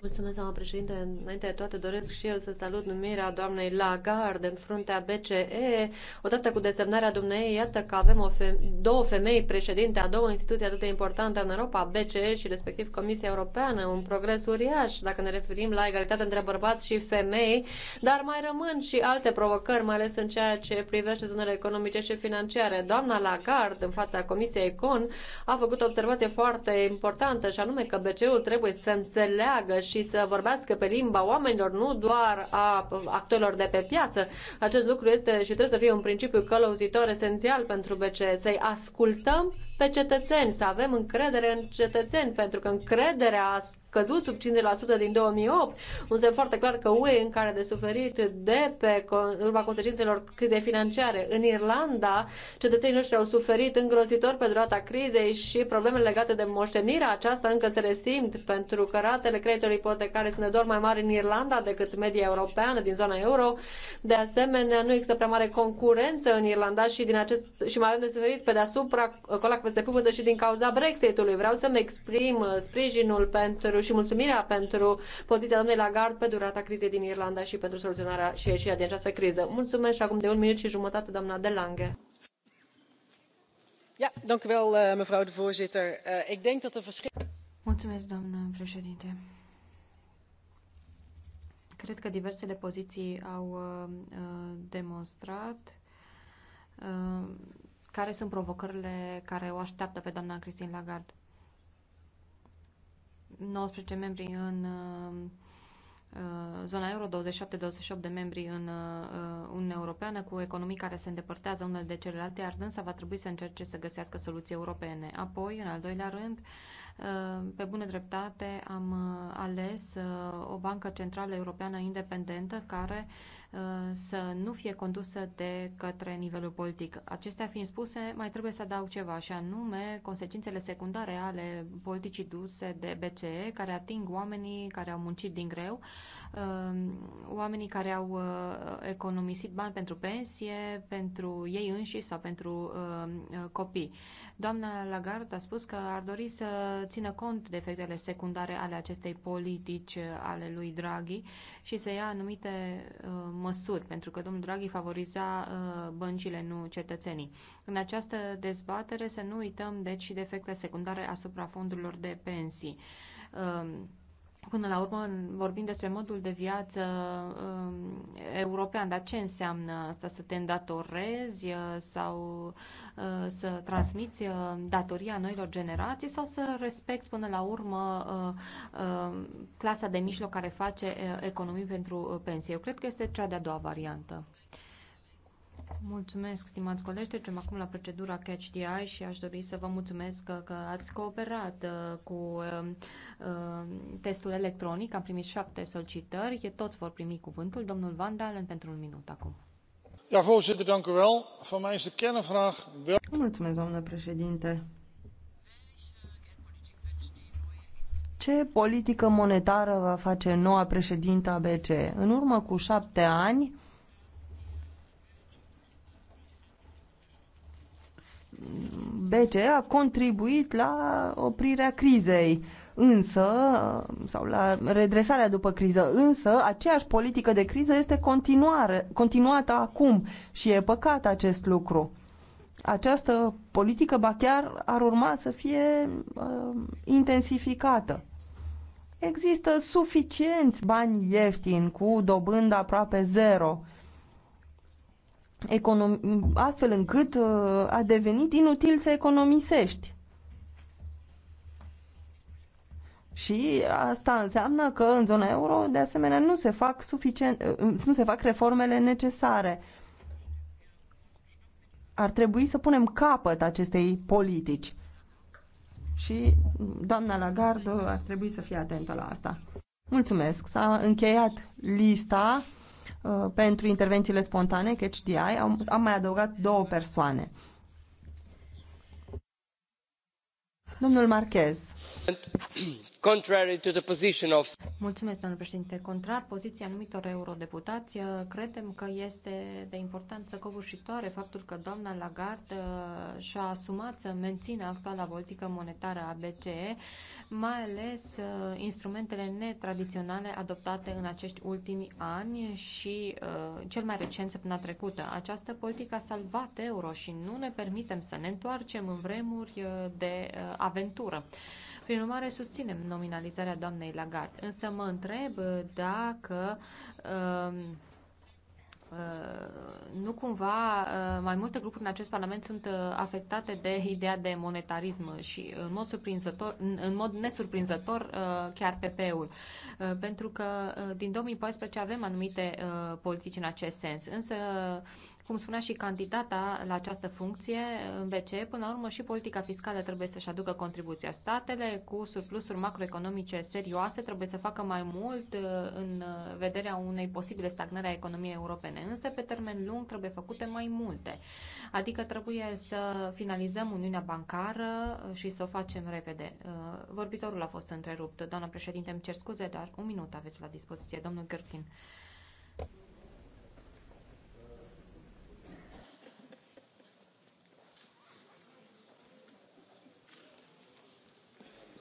S2: Mulțumesc, doamna președinte. Înainte de toate doresc și eu să salut numirea doamnei Lagarde în fruntea BCE. Odată cu desemnarea dumneei, iată că avem o feme- două femei președinte a două instituții atât de importante în Europa, BCE și respectiv Comisia Europeană, un progres uriaș dacă ne referim la egalitatea între bărbați și femei, dar mai rămân și alte provocări, mai ales în ceea ce privește zonele economice și financiare. Doamna Lagarde, în fața Comisiei Econ, Econ a făcut o observație foarte importantă și anume că BCE-ul trebuie să înțeleagă și să vorbească pe limba oamenilor, nu doar a actorilor de pe piață. Acest lucru este și trebuie să fie un principiu călăuzitor esențial pentru BCE, să-i ascultăm pe cetățeni, să avem încredere în cetățeni, pentru că încrederea scăzut sub 50% din 2008, un semn foarte clar că UE în care de suferit de pe urma consecințelor crizei financiare. În Irlanda, cetățenii noștri au suferit îngrozitor pe durata crizei și problemele legate de moștenirea aceasta încă se resimt pentru că ratele creditelor ipotecare sunt de doar mai mari în Irlanda decât media europeană din zona euro. De asemenea, nu există prea mare concurență în Irlanda și din acest și mai avem de suferit pe deasupra colac peste pupăță și din cauza Brexitului. Vreau să-mi exprim sprijinul pentru și mulțumirea pentru poziția doamnei Lagarde pe durata crizei din Irlanda și pentru soluționarea și ieșirea din această criză. Mulțumesc și acum de un minut și jumătate, doamna De Lange eh, voorzitter eh, ik denk dat de
S1: verschillende. doamnă cred că diversele poziții au eh, demonstrat care sunt provocările care o așteaptă pe doamna christine lagarde. 19 membri în uh, uh, zona euro, 27-28 de membri în uh, Uniunea Europeană, cu economii care se îndepărtează unele de celelalte, iar dânsa va trebui să încerce să găsească soluții europene. Apoi, în al doilea rând, Ehm, pe bună dreptate am uh, ales uh, o bancă centrală europeană independentă care uh, să nu fie condusă de către nivelul politic. Acestea fiind spuse, mai trebuie să adaug ceva, și anume consecințele secundare ale politicii duse de BCE, care ating oamenii care au muncit din greu, ehm, oamenii care au economisit bani pentru pensie, pentru ei înși sau pentru ehm, copii. Doamna Lagarde a spus că ar dori să țină cont de efectele secundare ale acestei politici uh, ale lui Draghi și să ia anumite uh, măsuri, pentru că domnul Draghi favoriza uh, băncile, nu cetățenii. În această dezbatere să nu uităm deci și de efectele secundare asupra fondurilor de pensii. Uh, Până la urmă vorbim despre modul de viață uh, european, dar ce înseamnă asta? Să te îndatorezi uh, sau uh, să transmiți uh, datoria noilor generații sau să respecti până la urmă uh, uh clasa de mijloc care face uh, economii pentru pensie? Eu cred că este cea de-a doua variantă. Mulțumesc, stimați colegi. Trecem acum la procedura Catch the Eye și aș dori să vă mulțumesc că, ați cooperat uh, cu uh, uh, testul electronic. Am primit șapte solicitări. Toți vor primi cuvântul. Domnul Van Dalen pentru un minut acum.
S5: Ja, voorzitter, dank u wel. Van mij is de kernvraag...
S3: Mulțumesc, domnule președinte. Ce politică monetară va face noua președintă a BCE? În urmă cu șapte ani, BCE a contribuit la oprirea crizei însă, sau la redresarea după criză, însă aceeași politică de criză este continuare, continuată acum și e păcat acest lucru. Această politică, ba chiar, ar urma să fie uh, intensificată. Există suficienți bani ieftini cu dobândă aproape zero econom- astfel încât uh, a devenit inutil să economisești. Și asta înseamnă că în zona euro, de asemenea, nu se fac, suficient, uh, nu se fac reformele necesare. Ar trebui să punem capăt acestei politici. Și doamna Lagarde ar trebui să fie atentă la asta. Mulțumesc. S-a încheiat lista. Uh, pentru intervențiile spontane, CHDI, am, am mai adăugat două persoane. Domnul
S1: Marchez. Mulțumesc, domnule președinte. Contrar poziției anumitor eurodeputați, uh, credem că este de importanță covârșitoare faptul că doamna Lagarde uh, și-a asumat să mențină actuala politică monetară a BCE, mai ales uh, instrumentele netradiționale adoptate în acești ultimi ani și cel mai recent săptămâna trecută. Această politică a salvat euro și nu ne permitem să ne întoarcem în vremuri de aventură. Prin urmare, susținem nominalizarea doamnei Lagarde. Însă mă întreb dacă um, uh, nu cumva uh, mai multe grupuri în acest Parlament sunt uh, afectate de ideea de monetarism și în mod, surprinzător, în mod nesurprinzător chiar PP-ul. Pentru că din 2014 avem anumite politici în acest sens. Însă cum spunea și candidata la această funcție în BCE, până la urmă și politica fiscală trebuie să-și aducă contribuția. Statele cu surplusuri macroeconomice serioase trebuie să facă mai mult uh, în uh, vederea unei posibile stagnări a economiei europene, însă pe termen lung trebuie făcute mai multe. Adică trebuie să finalizăm Uniunea Bancară uh, și să o facem repede. Vorbitorul a fost întrerupt. Doamna președinte, îmi cer scuze, dar un minut aveți la dispoziție. Domnul Gherkin.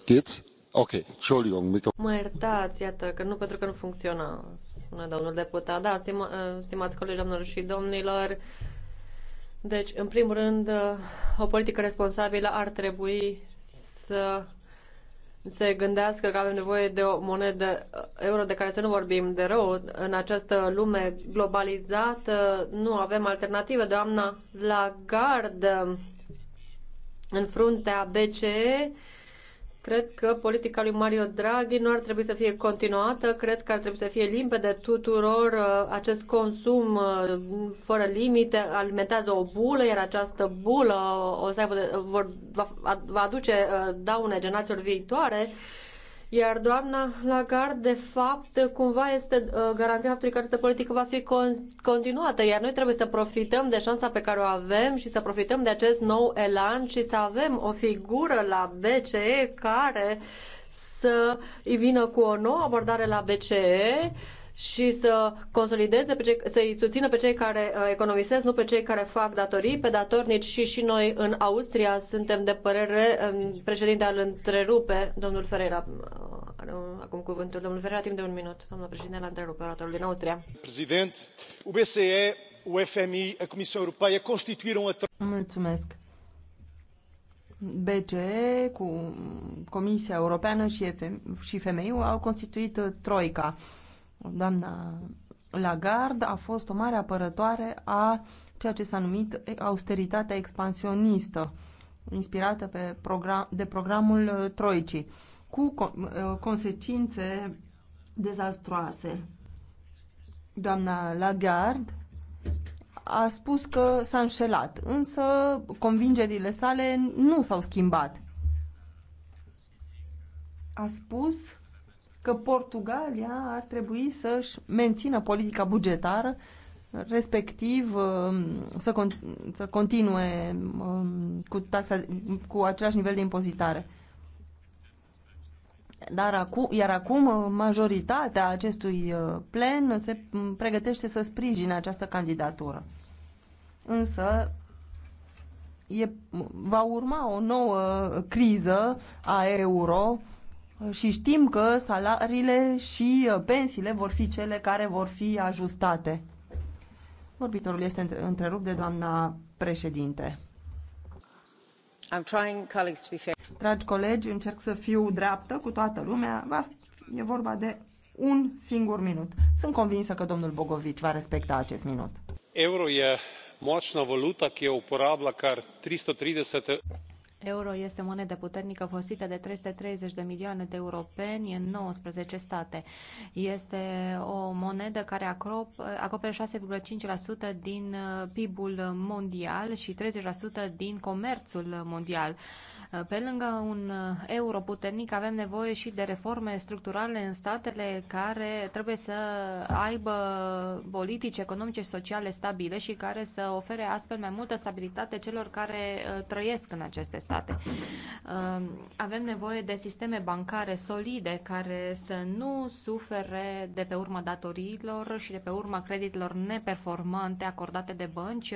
S3: Jetzt? Ok, Entschuldigung.
S2: Mă iertați, iată, că nu pentru că nu funcționa, spune domnul deputat. Da, stima, ă, stimați colegi, domnilor și domnilor, deci, în primul rând, ă, o politică responsabilă ar trebui să se gândească că avem nevoie de o monedă ă, euro de care să nu vorbim de rău. În această lume globalizată nu avem alternativă. Doamna Lagarde în fruntea BCE Cred că politica lui Mario Draghi nu ar trebui să fie continuată, cred că ar trebui să fie limpede tuturor uh, acest consum uh, fără limite, alimentează o bulă, iar această bulă o să aibă, vor, va, va aduce uh, daune generațiilor viitoare iar doamna Lagarde, de fapt, cumva este uh, garanția faptului că această politică va fi continuată, iar noi trebuie să profităm de șansa pe care o avem și să profităm de acest nou elan și să avem o figură la BCE care să îi vină cu o nouă abordare la BCE și să consolideze, să-i susțină pe cei care uh, economisesc, nu pe cei care fac datorii, pe datornici și și noi în Austria suntem de părere, um, președinte al întrerupe, domnul Ferreira. Uh, acum cuvântul domnul Ferreira, timp de un minut. Domnul președinte, al întrerupe oratorul din Austria.
S4: Prezident, UBSE, UFMI, Comisia Europeană Un o...
S3: Mulțumesc. BCE cu Comisia Europeană și, FM, și FMI au constituit uh, Troica Doamna Lagarde a fost o mare apărătoare a ceea ce s-a numit austeritatea expansionistă, inspirată pe program, de programul uh, Troicii, cu uh, consecințe dezastroase. Doamna Lagarde a spus că s-a înșelat, însă convingerile sale nu s-au schimbat. A spus că Portugalia ar trebui să-și mențină politica bugetară, respectiv uh, să, con- să continue um, cu, taxa, cu același nivel de impozitare. Dar acu- iar acum uh, majoritatea acestui uh, plen se pregătește să sprijine această candidatură. Însă e, va urma o nouă criză a euro și știm că salariile și uh, pensiile vor fi cele care vor fi ajustate. Vorbitorul este întrerupt de doamna președinte.
S6: I'm trying, colleagues,
S3: to be fair. Dragi colegi, încerc să fiu dreaptă cu toată lumea. Va, e vorba de un singur minut. Sunt convinsă că domnul Bogovici va respecta acest minut.
S4: Euro e moșna valuta, care o porabla care 330
S1: Euro este moneda monedă puternică folosită de 330 de milioane de europeni în 19 state. Este o monedă care acoperă 6,5% din uh, PIB-ul mondial și 30% din comerțul mondial. Uh, pe lângă un uh, euro puternic avem nevoie și de reforme structurale în statele care trebuie să aibă politici economice și sociale stabile și care să ofere astfel mai multă stabilitate celor care uh, trăiesc în aceste state. Avem nevoie de sisteme bancare solide care să nu sufere de pe urma datoriilor și de pe urma creditelor neperformante acordate de bănci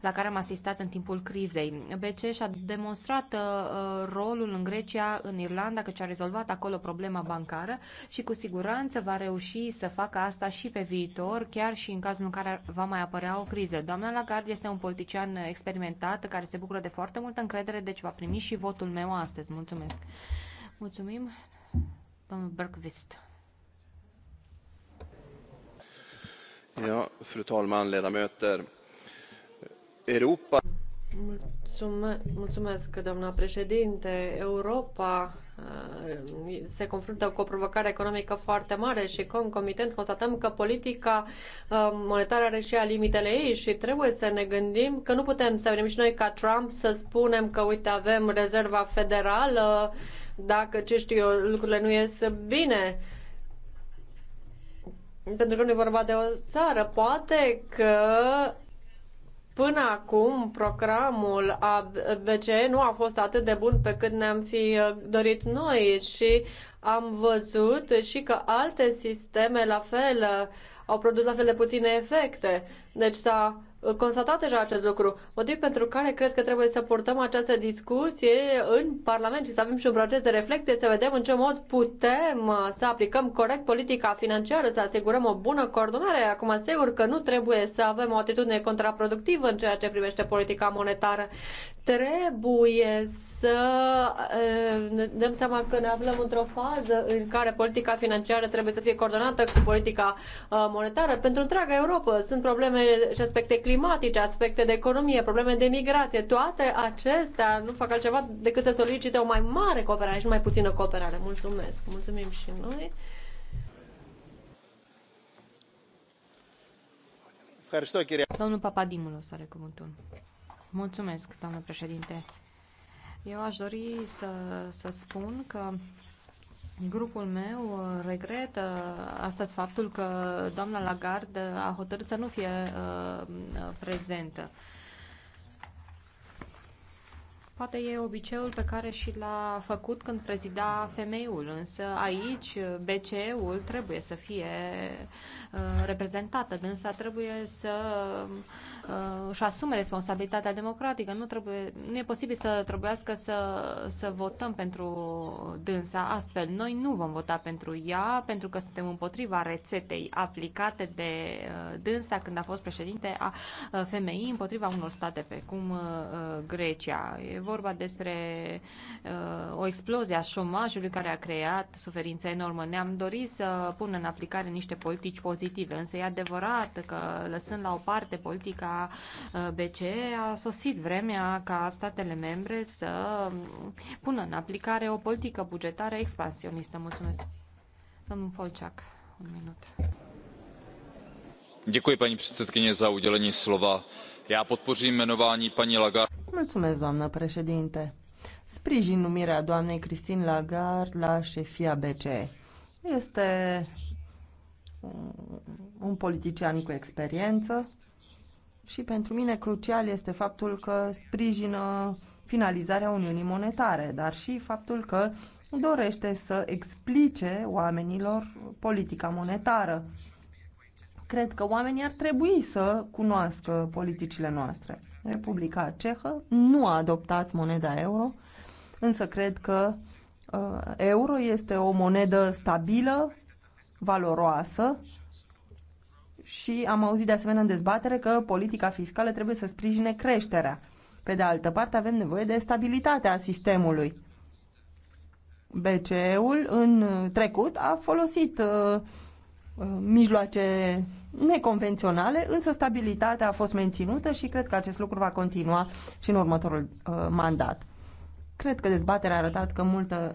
S1: la care am asistat în timpul crizei. BCE și-a demonstrat Uh, rolul în Grecia, în Irlanda, căci a rezolvat acolo problema bancară și cu siguranță va reuși să facă asta și pe viitor, chiar și în cazul în care va mai apărea o criză. Doamna Lagarde este un politician experimentat care se bucură de foarte multă încredere, deci va primi și votul meu astăzi. Mulțumesc! Mulțumim, domnul Bergvist.
S4: Ja, fru talman, ledamöter. Europa...
S2: Mulțume- mulțumesc, doamna președinte. Europa uh, se confruntă cu o provocare economică foarte mare și concomitent constatăm că politica uh, monetară are și ea limitele ei și trebuie să ne gândim că nu putem să venim și noi ca Trump să spunem că uite avem rezerva federală dacă ce știu eu, lucrurile nu ies bine pentru că nu e vorba de o țară. Poate că Până acum, programul BCE nu a fost atât de bun pe cât ne-am fi uh, dorit noi și am văzut și că alte sisteme la fel uh, au produs la fel de puține efecte. Deci s-a constatat deja acest lucru, motiv pentru care cred că trebuie să purtăm această discuție în Parlament și să avem și un proces de reflexie, să vedem în ce mod putem uh, să aplicăm corect politica financiară, să asigurăm o bună coordonare. Acum, sigur că nu trebuie să avem o atitudine contraproductivă în ceea ce privește politica monetară trebuie să eh, ne dăm seama că ne aflăm într-o fază în care politica financiară trebuie să fie coordonată cu politica eh, monetară pentru întreaga Europa. Sunt probleme și aspecte climatice, aspecte de economie, probleme de migrație. Toate acestea nu fac altceva decât să solicite o mai mare cooperare și mai puțină cooperare. Mulțumesc! Mulțumim și noi!
S1: Domnul să are cuvântul. Mulțumesc, doamnă președinte. Eu aș dori să, să spun că Grupul meu regretă astăzi faptul că doamna Lagarde a hotărât să nu fie uh, prezentă. Poate e obiceiul pe care și l-a făcut când prezida femeiul, însă aici BCE-ul trebuie să fie uh, reprezentată, însă trebuie să uh, uh, își asume responsabilitatea democratică. Nu, trebuie, nu e posibil să trebuiască să, să votăm pentru dânsa astfel. Noi nu vom vota pentru ea pentru că suntem împotriva rețetei aplicate de uh, dânsa când a fost președinte a uh, femeii împotriva unor state pe uh, uh, Grecia. E vorba despre uh, o explozie a șomajului care a creat suferință enormă. Ne-am dorit să punem în aplicare niște politici pozitive, însă e adevărat că lăsând la o parte politica BCE a sosit vremea ca statele membre să pună în aplicare o politică bugetară expansionistă. Mulțumesc. Domnul Folceac, un minut.
S4: Děkuji, paní předsedkyně, za udělení slova. Já podpořím jmenování paní Lagarde.
S3: Mulțumesc, doamnă președinte. Sprijin numirea doamnei Christine Lagarde la șefia BCE. Este un politician cu experiență și pentru mine crucial este faptul că sprijină finalizarea Uniunii Monetare, dar și faptul că dorește să explice oamenilor politica monetară. Cred că oamenii ar trebui să cunoască politicile noastre. Republica Cehă nu a adoptat moneda euro, însă cred că uh, euro este o monedă stabilă, valoroasă și am auzit de asemenea în dezbatere că politica fiscală trebuie să sprijine creșterea. Pe de altă parte, avem nevoie de stabilitatea sistemului. BCE-ul în trecut a folosit uh, uh, mijloace neconvenționale, însă stabilitatea a fost menținută și cred că acest lucru va continua și în următorul uh, mandat. Cred că dezbaterea a arătat că multă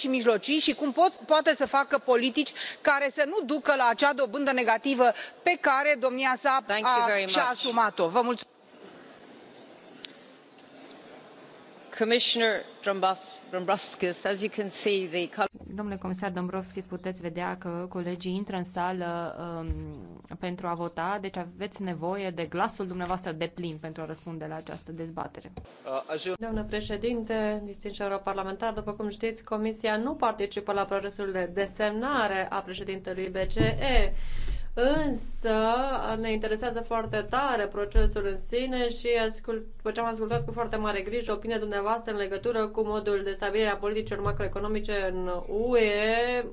S6: și mijlocii și cum poate să facă politici care să nu ducă la acea dobândă negativă pe care domnia sa și a asumat o.
S1: domnule comisar dombrovskis puteți vedea că colegii intră în sală um, pentru a vota deci aveți nevoie de glasul dumneavoastră deplin pentru a răspunde la această dezbatere. Uh, doamnă președinte, distinși europarlamentari
S2: după cum știți comisia nu participă la procesul de desemnare a președintelui bce. Însă ne interesează foarte tare procesul în sine și ascult, ce am ascultat cu foarte mare grijă opinia dumneavoastră în legătură cu modul de stabilire a politicilor macroeconomice în UE,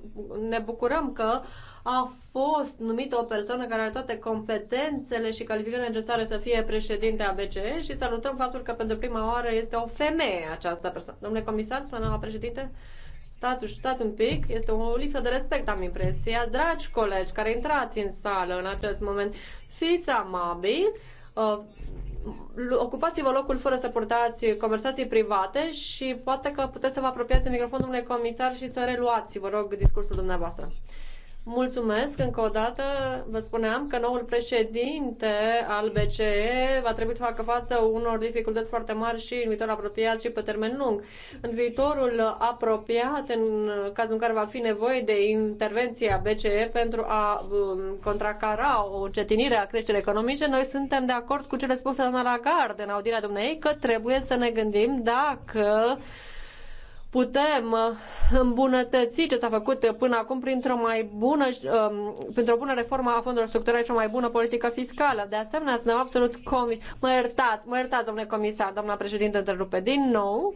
S2: ne bucurăm că a fost numită o persoană care are toate competențele și calificările necesare să fie președinte a BCE și salutăm faptul că pentru prima oară este o femeie această persoană. Domnule comisar, spune doamna președinte, Stați, stați un pic, este o lipsă de respect, am impresia. Dragi colegi care intrați în sală în acest moment, fiți amabili, uh, ocupați-vă locul fără să purtați conversații private și poate că puteți să vă apropiați de microfonul unui comisar și să reluați, vă rog, discursul dumneavoastră. Mulțumesc încă o dată. Vă spuneam că noul președinte al BCE va trebui să facă față unor dificultăți foarte mari și în viitor apropiat și pe termen lung. În viitorul apropiat, în cazul în care va fi nevoie de intervenția BCE pentru a um, contracara o încetinire a creșterii economice, noi suntem de acord cu cele spuse doamna Lagarde în audirea dumneei că trebuie să ne gândim dacă putem uh, îmbunătăți ce s-a făcut până acum printr-o mai bună, um, printr-o bună reformă a fondurilor structurale și o mai bună politică fiscală. De asemenea, suntem absolut convins. Mă iertați, mă iertați, domnule comisar, doamna președinte, întrerupe din nou.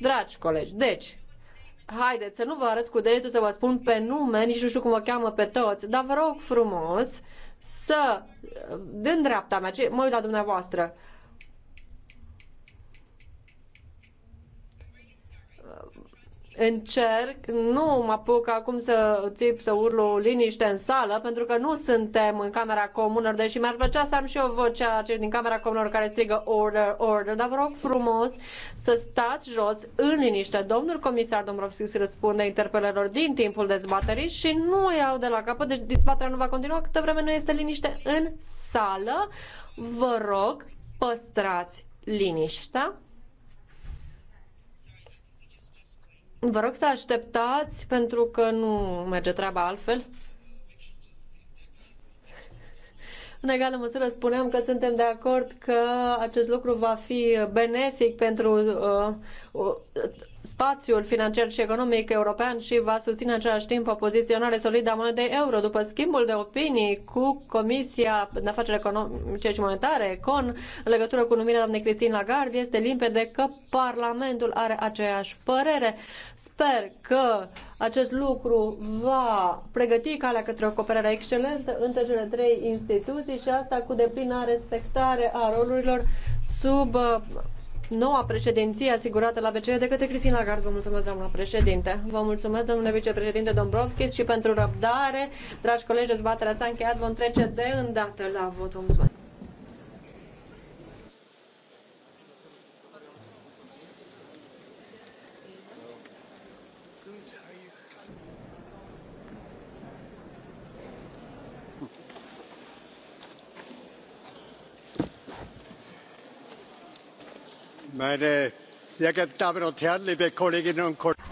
S2: Dragi colegi, deci, haideți să nu vă arăt cu degetul să vă spun pe nume, nici nu știu cum vă cheamă pe toți, dar vă rog frumos să, uh, din dreapta mea, mă uit la dumneavoastră, uh, încerc, nu mă apuc acum să țip, să urlu liniște în sală, pentru că nu suntem în Camera comună, deși mi-ar plăcea să am și o voce cei din Camera comună care strigă order, order, dar vă rog frumos să stați jos în liniște. Domnul comisar Dombrovskis răspunde interpelelor din timpul dezbaterii și nu iau de la capăt, deci dezbaterea nu va continua câtă vreme nu este liniște în sală. Vă rog, păstrați liniștea. Vă rog să așteptați pentru că nu merge treaba altfel. În egală măsură spuneam că suntem de acord că acest lucru va fi benefic pentru uh, uh spațiul financiar și economic european și va susține în același timp o poziționare solidă a monedei euro. După schimbul de opinii cu Comisia de Afaceri Economice și Monetare, CON, în legătură cu numirea doamnei Cristin Lagarde, este limpede că Parlamentul are aceeași părere. Sper că acest lucru va pregăti calea către o cooperare excelentă între cele trei instituții și asta cu deplină respectare a rolurilor sub noua președinție asigurată la BCE de către Cristina Lagarde. Vă mulțumesc, doamna președinte. Vă mulțumesc, domnule vicepreședinte Dombrovskis, și pentru răbdare. Dragi colegi, dezbaterea s-a încheiat. Vom trece de îndată la votul. Mulțumesc.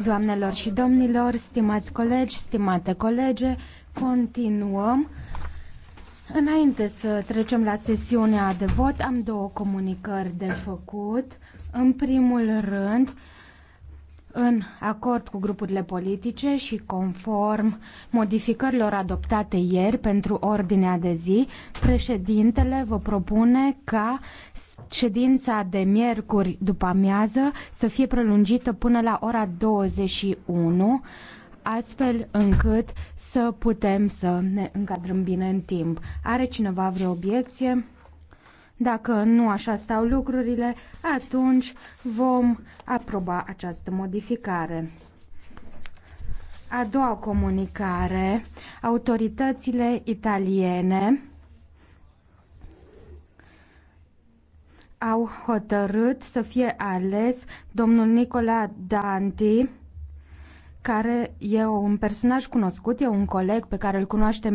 S5: Doamnelor și domnilor, stimați colegi, stimate colege, continuăm. Înainte să trecem la sesiunea de vot, am două comunicări de făcut. În primul rând, în acord cu grupurile politice și conform modificărilor adoptate ieri pentru ordinea de zi, președintele vă propune ca ședința de miercuri după amiază să fie prelungită până la ora 21, astfel încât să putem să ne încadrăm bine în timp. Are cineva vreo obiecție? Dacă nu așa stau lucrurile, atunci vom aproba această modificare. A doua comunicare, autoritățile italiene au hotărât să fie ales domnul Nicola Danti, care e un personaj cunoscut, e un coleg pe care îl cunoaștem bine.